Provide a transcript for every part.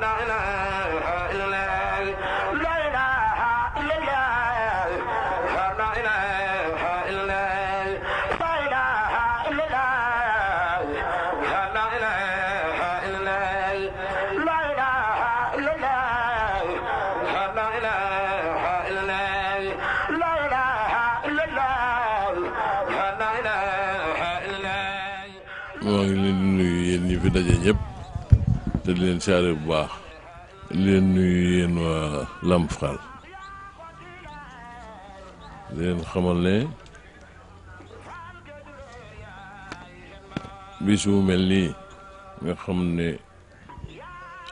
لا إله إلا te leen saare bu baax leen nuyu yéen waa Lamp Fall leen xamal ne bis bu mel nii nga xam ne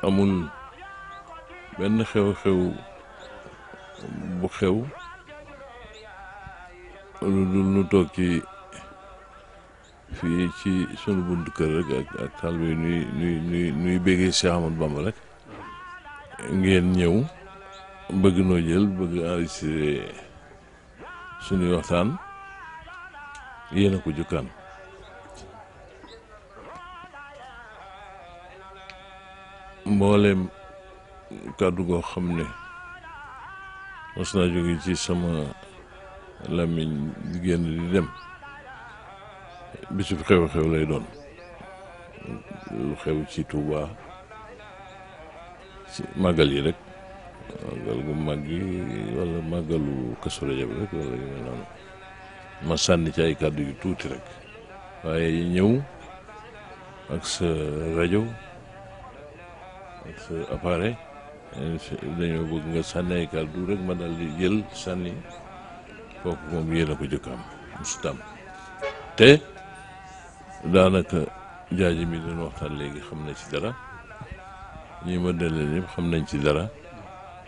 amul benn xew-xew bu xew lu dul nu toog ci fii ci sunu buntu kër rek ak ak nuy nuy béggee Cheikh Ahmadou Bamba rek ngeen ñëw bëgg noo jël bëgg enregistré sunuy waxtaan yéen ko jukkaan mbooleem kàddu goo xam ne mos naa jóge ci sama làmmiñ di génn di dem bisub xew-xew lay doon lu xew ci Touba ci màggal yi rek màggal gu màgg yi wala màggalu Kazu Rajab rek wala yu noonu ma sànni ci ay kàddu yu tuuti rek waaye ñëw ak sa rajo ak sa appareil dañoo bëgg nga sànni ay kàddu rek ma daal di jël sànni kooku moom yéen a ko jëkk am musutam te daanaka jaaji mi doon waxtaan léegi xam na ci dara ñi ma delloo ñëpp xam nañ ci dara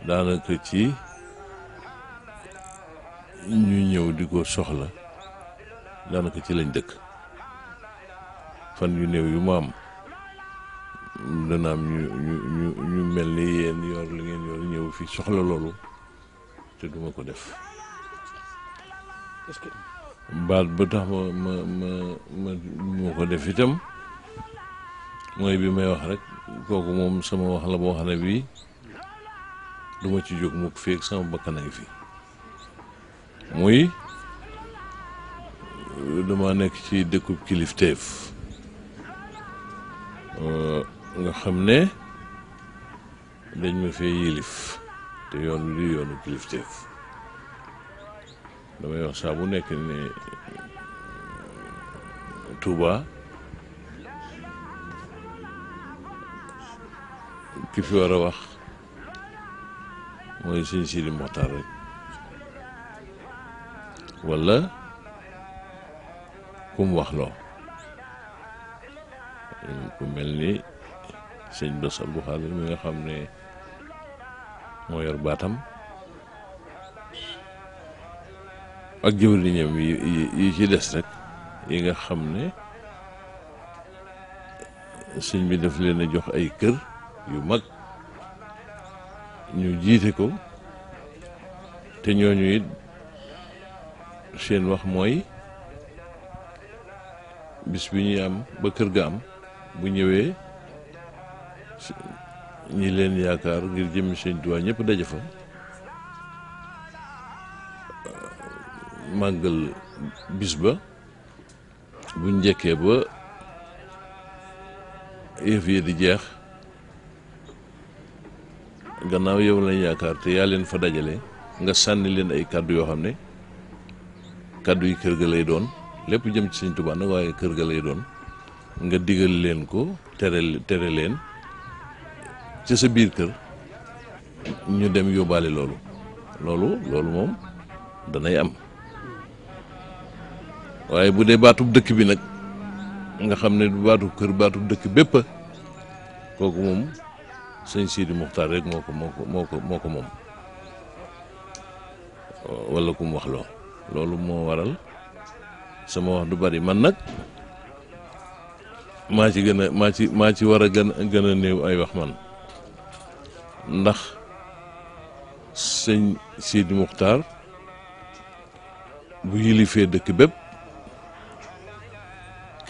daanaka ci ñu ñëw di ko soxla daanaka ci lañ dëkk fan yu néew yu ma am dana am ñu ñu ñu ñu mel ni yéen yor li ngeen yor ñëw fi soxla loolu te duma ko def. baat ba tax ma ma ma ma ma ko def itam mooy bi may wax rek kooku moom sama wax la boo xam ne bii du ci jóg mukk fii ak sama bakkan fi muy dama nekk ci dëkkub kilifteef nga xam ne dañ ma fee yilif te yoon wi du yoonu kilifteef damay wax saa bu nekk ni Touba ki fi war a wax mooy sëñ Sidi Moxtaar rek wala ku mu wax loo ku mel ni sëñ Bass Abdou Khadre mi nga xam ne moo yor baatam ak jëwriñam yi yi ci des rek yi nga xam ne sëñ bi daf leen a jox ay kër yu mag ñu jiite ko te ñooñu it seen wax mooy bis bi ñuy am ba kër ga am bu ñëwee ñi leen yaakaar ngir jëmmi sëñ Tuubaa ñëpp daje fa màggal bis ba bu njëkkee ba yëf yi di jeex gannaaw yow lañ yaakaar te yaa leen fa dajale nga sànni leen ay kàddu yoo xam ne kàddu yi kër ga lay doon lépp jëm ci Sëñ Tuubaa nag waaye kër ga lay doon nga digal leen ko tere tere leen ci sa biir kër ñu dem yóbbaale loolu loolu loolu moom danay am waaye bu dee baatub dëkk bi nag nga xam ne baatu kër baatub dëkk bépp kooku moom sëñ Sidi Muxtaar rek moo ko moom wala ku wax loo loolu moo waral sama wax du bari man nag maa ci gën a maa ci maa ci war a gën a gën a néew ay wax man ndax sëñ Sidi Muxtaar bu yilifee dëkk bépp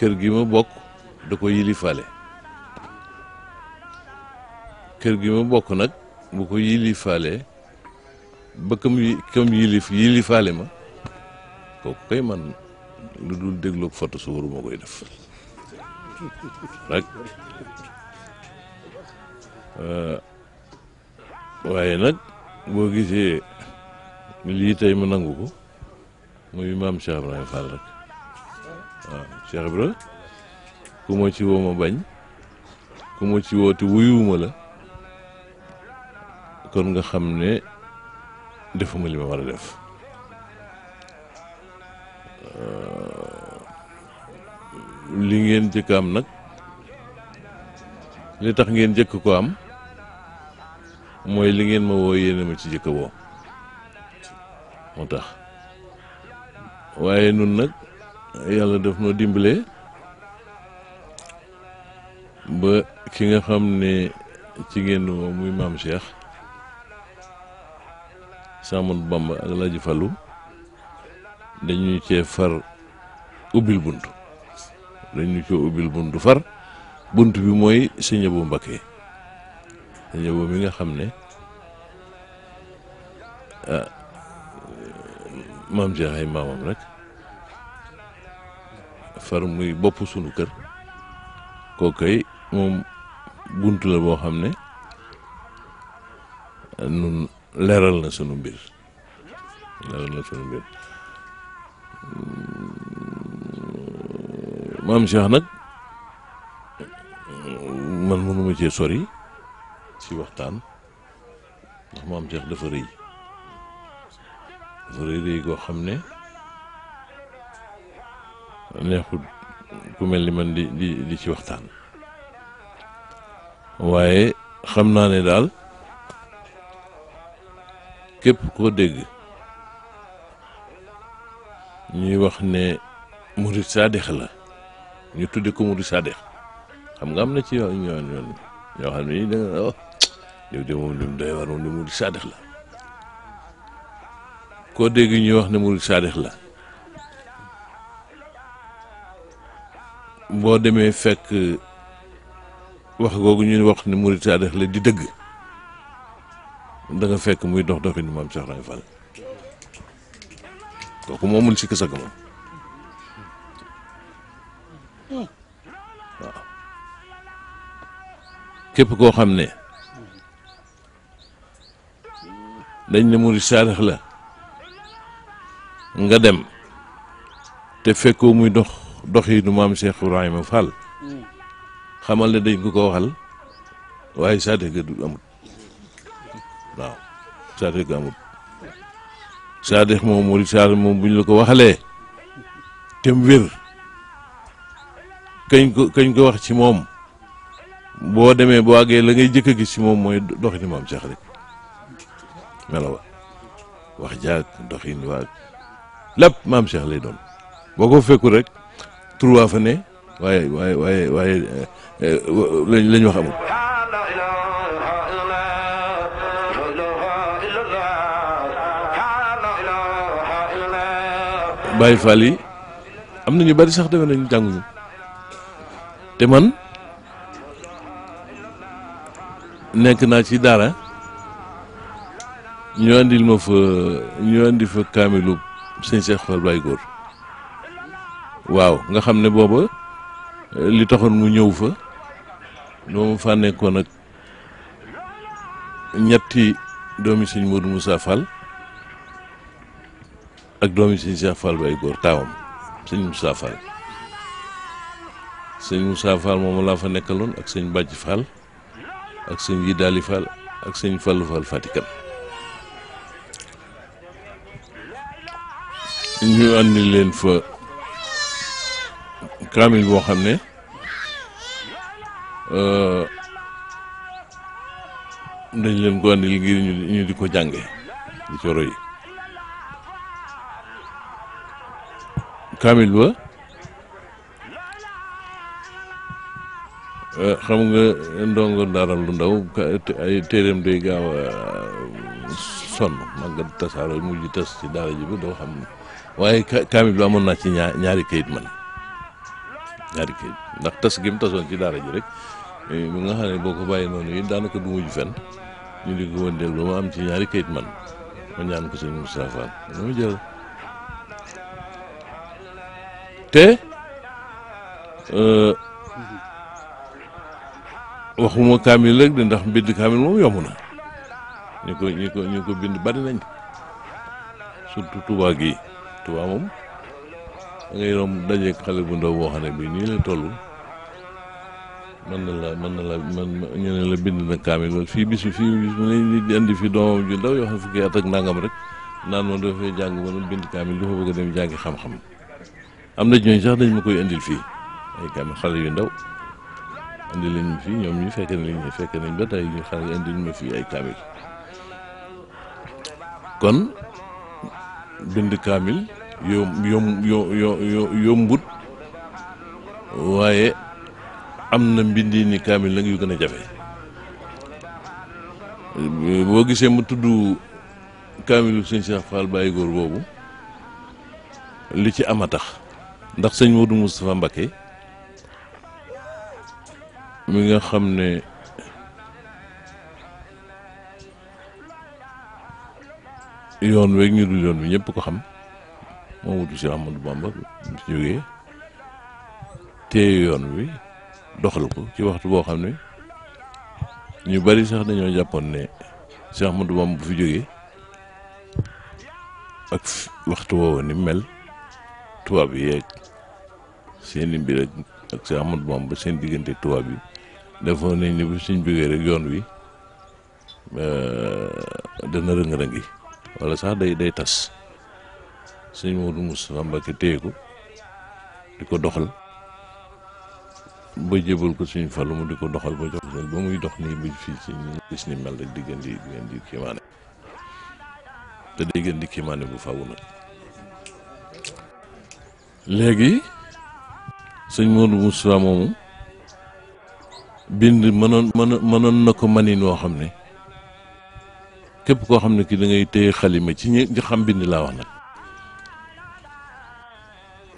kër gi ma bokk da ko yilifale kër gi ma bokk nag bu ko yilifalee ba kam kam yilif ma kooku kay man lu dul dégloog foto su waruma koy def rek euh, waaye nag boo gisee lii tey ma nangu ko muy maam Cheikh Ibrahima Fall rek Cheikh Ibra ku ma ci woo ma bañ ku ma ci woo te wuyuwuma la kon nga xam ne defuma li ma war a def euh, li ngeen jëkk am nag li tax ngeen jëkk ko am mooy li ngeen ma woo yéene ma ci jëkk woo moo tax waaye nun nag yàlla def ma dimbale ba ki nga xam ne ci génn moom muy maam Cheikh Saamoon Bamba ak Laaji Fallu dañuy cee far ubbil bunt dañu cee ubbil bunt far bunt bi mooy sëñ Abo Mbakke sëñ Abo mi nga xam ne ah maam Cheikh ay maamam rek far muy bopp sunu kër kookay moom bunt la boo xam ne nun leeral na sunu mbir leeral na sunu mbir maam Cheikh nag man mënuma cee sori si waxtaan ndax maam Cheikh dafa rëy dafa rëy rëy goo xam ne neexut ku mel ni man di di di ci waxtaan waaye xam naa ne daal képp koo dégg ñuy wax ne murid saadix la ñu tudde ko murid saadix xam nga am na ci yoon yoon yoon yoo xam ne da nga oh diw de moom lim doy war moom di la koo dégg ñuy wax ne murid saadix la boo demee fekk wax googu ñuy wax ni murit saadax la di dëgg danga fekk muy dox doxi ni maam Cheikh Ibra Fall kooku moomul képp koo xam ne dañ ne murit saadax la nga dem te fekkoo muy dox dox yi nu maam Cheikh Ibrahima Fall hmm. xamal ne dañ ko ko waxal waaye certificat du amut waaw certificat amut certificat moom moo di moom bu ñu la ko waxalee tem mu wér kañ ko kañ ko wax ci moom boo demee boo àggee la ngay jëkk a gis ci moom mooy doxini maam Cheikh rek melawa wax jaag doxin waag lépp maam Cheikh lay doon boo ko fekkul rek. tur fa ne waaye waaye waaye waaye lañ eh, eh, lañ wax amul yi am na ñu bari sax defe nañu jànguñu te man nekk naa ci daara ñu andil ma fa ñu andi fa kaamilu sëñ Cheikh Fall Baye Góor waaw nga xam ne booba eh, li taxoon mu ñëw fa doomu fa nekkoon ak ñetti doomi sëñ Modou Moussa Fall ak doomi sëñ Cheikh Fall bay góor taawam sëñ Moussa Fall sëñ Moussa Fall moom laa fa nekkaloon ak sëñ Bàcc Fall ak sëñ Yidaali Fall ak sëñ Fallu Fall Fatikan ñu andi fa kamil bo xam euh dañ leen ko andil ngir ñu ñu diko jànge ci roy yi kamil ba euh, xam nga ndongo daara lu ndaw ay téréem day gaaw euh, son ma màggat tasaaro mu tas ci dara ji ba do xam waye kamil ba amon na ci ñaari kayit man ñaari kayit ndax tas gi mu tasoon ci daara ji rek eh, mi nga xam ne boo ko bàyyi noonu it daanaka du mujj fenn ñu di ko ba ma am ci ñaari man ma ñaan ko sëñ Fall jël te eh, waxuma kamil rek de ndax kamil moom yomb na ñu ko ñu bari nañ surtout gi moom da ngay romb dajeeg xale bu ndaw boo xam ne bii nii la toll mën na la mën na la mën ñu ne la bind na kaamil wala fii bisu fii bis mu ne nit di andi fi doomam ju ndaw yoo xam fukki at ak nangam rek naan ma dafay jàng wala bind kaamil dafa dem jàngi xam am na ñooñu sax dañ ma koy indil fii yu ndaw indi leen ma fii fekk nañ ñu ba tey ñu xale indil ma fii ay kaamil kon bind kaamil. yom yom yo yombut waaye am na mbindi ni kaamil la yu gën a jafe boo gisee mu tudd kaamilu sëñ Cheikh Fall Baye Góor boobu li ci am a tax ndax sëñ Modou Moustapha Mbacké mu nga xam ne yoon weeg ñu dul yoon bi ñëpp ko xam moo wutu si Ahmadou Bamba mu si jógee téye yoon wi doxal ko ci waxtu boo xam ne ñu bari sax dañoo jàppoon ne si Ahmadou Bamba bu fi jógee ak waxtu woowu ni mel tubaab yi yeeg seen i mbir ak si Ahmadou Bamba seen diggante tubaab yi defoon nañ ni bu suñ jógee rek yoon wi euh, dana rëng-rëngi wala sax day day tas sëñ Modou Moustapha Mbacké téye ko di ko doxal ba jébal ko suñ lu mu di ko doxal ba jox muy dox nii ba fii si ñu gis ni mel te day di kiimaane bu faaw nag léegi sëñ Modou Moustapha moomu bind mënoon mënoon na ko manin woo xam ne képp koo xam ne ki da ngay téye xalima ci ñi xam bind laa wax nag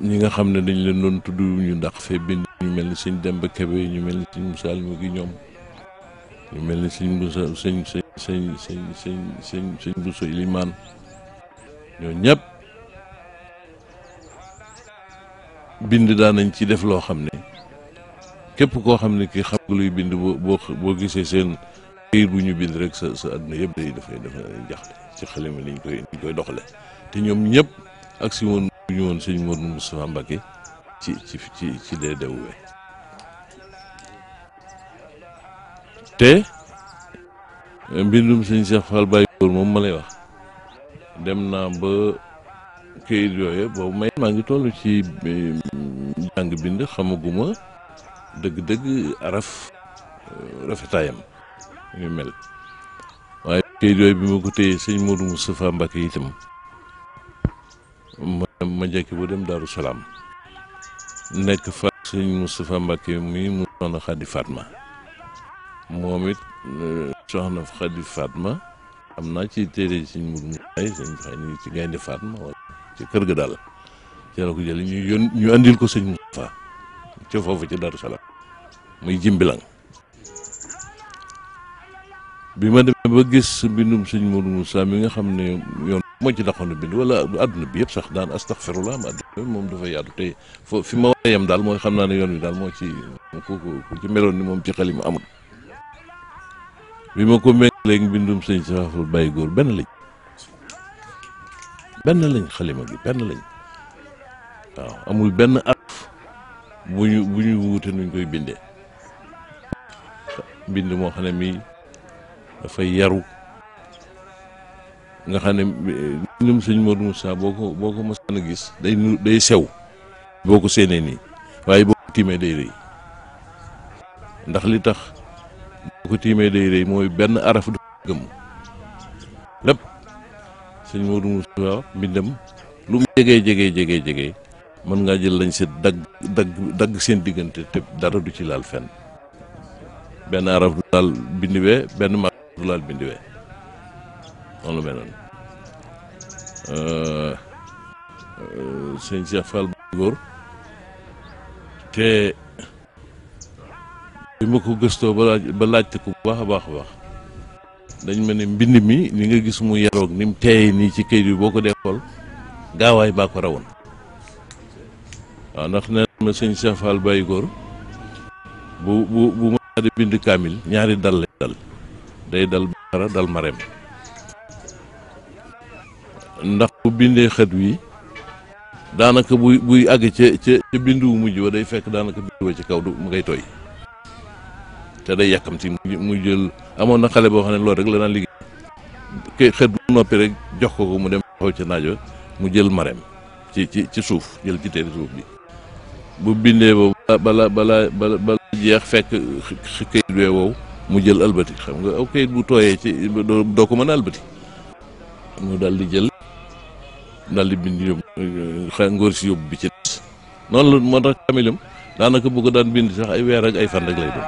ñi nga xam ne dañ leen doon tudd ñu ndax fee bind ñu mel ni sëñ Demba Kebe ñu mel ni sëñ Moussa mu gi ñoom ñu mel ni sëñ Moussa sëñ sëñ sëñ sëñ sëñ sëñ ñoo ñëpp bind daan nañ ci def loo xam ne képp koo xam ne ki xam nga luy bind boo boo gisee seen këyit bu ñu bind rek sa sa àdduna yëpp day dafay dafay jaxle ci xalima liñ koy liñ koy doxale te ñoom ñëpp ak si woon ñu woon sëñ Modou Moustapha Mbacké ci ci ci ci DDW te mbindum sëñ Cheikh Fall Baye Góor moom ma lay wax dem naa ba këyit yooyu boobu may maa ngi toll ci mm, jàng bind xamaguma dëgg-dëgg araf euh, rafetaayam ñu mel waaye këyit yooyu bi ma ko téye sëñ Modou Moustapha Mbacké itam ma jekki bu dem daru salam nek fa seigne mustapha mbake mi mu sonna khadi Fatma momit eh, sonna khadi Fatma amna ci tere seigne mu ay seigne xëy ni ci gaynde Fatma ci kër ga dal ci la ko ñu ñu andil ko seigne mustapha ci fofu ci daru salam muy jimbilang bima ma ba gis binum seigne Mourou Moussa mi nga xamne moo ci daxoon a bind wala àdduna bi yëpp sax daan astaxfirullah ma àdduna moom dafa yaatu te fo fi ma wayam daal mooy xam naa ne yoon wi daal moo ci ku ku ci meloon ni moom ci xalima amul bi ma ko méngalee mbindum sëñ Saaful Baay Góor benn lañ benn lañ xalima gi benn lañ waaw amul benn araf bu ñu bu ñu wuute nuñ koy bindee mbind moo xam ne mii dafay yaru nga xamne minim eh, ñum sëñ Modou Moussa boko boko ma sewu, boko gis day day sew boko ko ni waye boko timé day reuy ndax li tax boko timé day reuy moy ben araf du gëm lepp sëñ Modou Moussa bindam lu mu jegee jegee jegee jegee mën jël lañ si dag dag dag seen digënté té dara du ci laal fenn ben araf du laal bindiwé ben ma du laal bindiwé noonu la meloon sëñ Cheikh te bi ma ko gëstoo ba laaj ba laajte ko bu baax a baax a baax dañ ma ne mbind mi ni nga gis mu yaroog ni mu teeye nii ci këyit bi boo ko dee xool gaawaay baa ko rawoon waaw ndax nee ma sëñ Cheikh Fall bu bu bu ma di bind kaamil ñaari dal lay dal day dal Bakara dal Marème bu bindee xët wi daanaka buy buy àgg ca ca ca wu mujj wa day fekk daanaka bindu wa ci kaw du mu ngay tooy te day yàkkamti mu jël amoon na xale boo xam ne loolu rek la daan liggéey kay jox ko mu dem xaw ca naajo mu jël mareem ci ci ci suuf jël ci teeri bala bala bala jeex fekk këyit wee wow mu jël albati xam nga aw këyit bu tooyee ci doo ko mën a albati mu daal jël daal di bind yóbbu xa ngóor yóbbu bi ci des noonu la moo tax daanaka bu daan bind sax ay weer ay fan rek lay doon.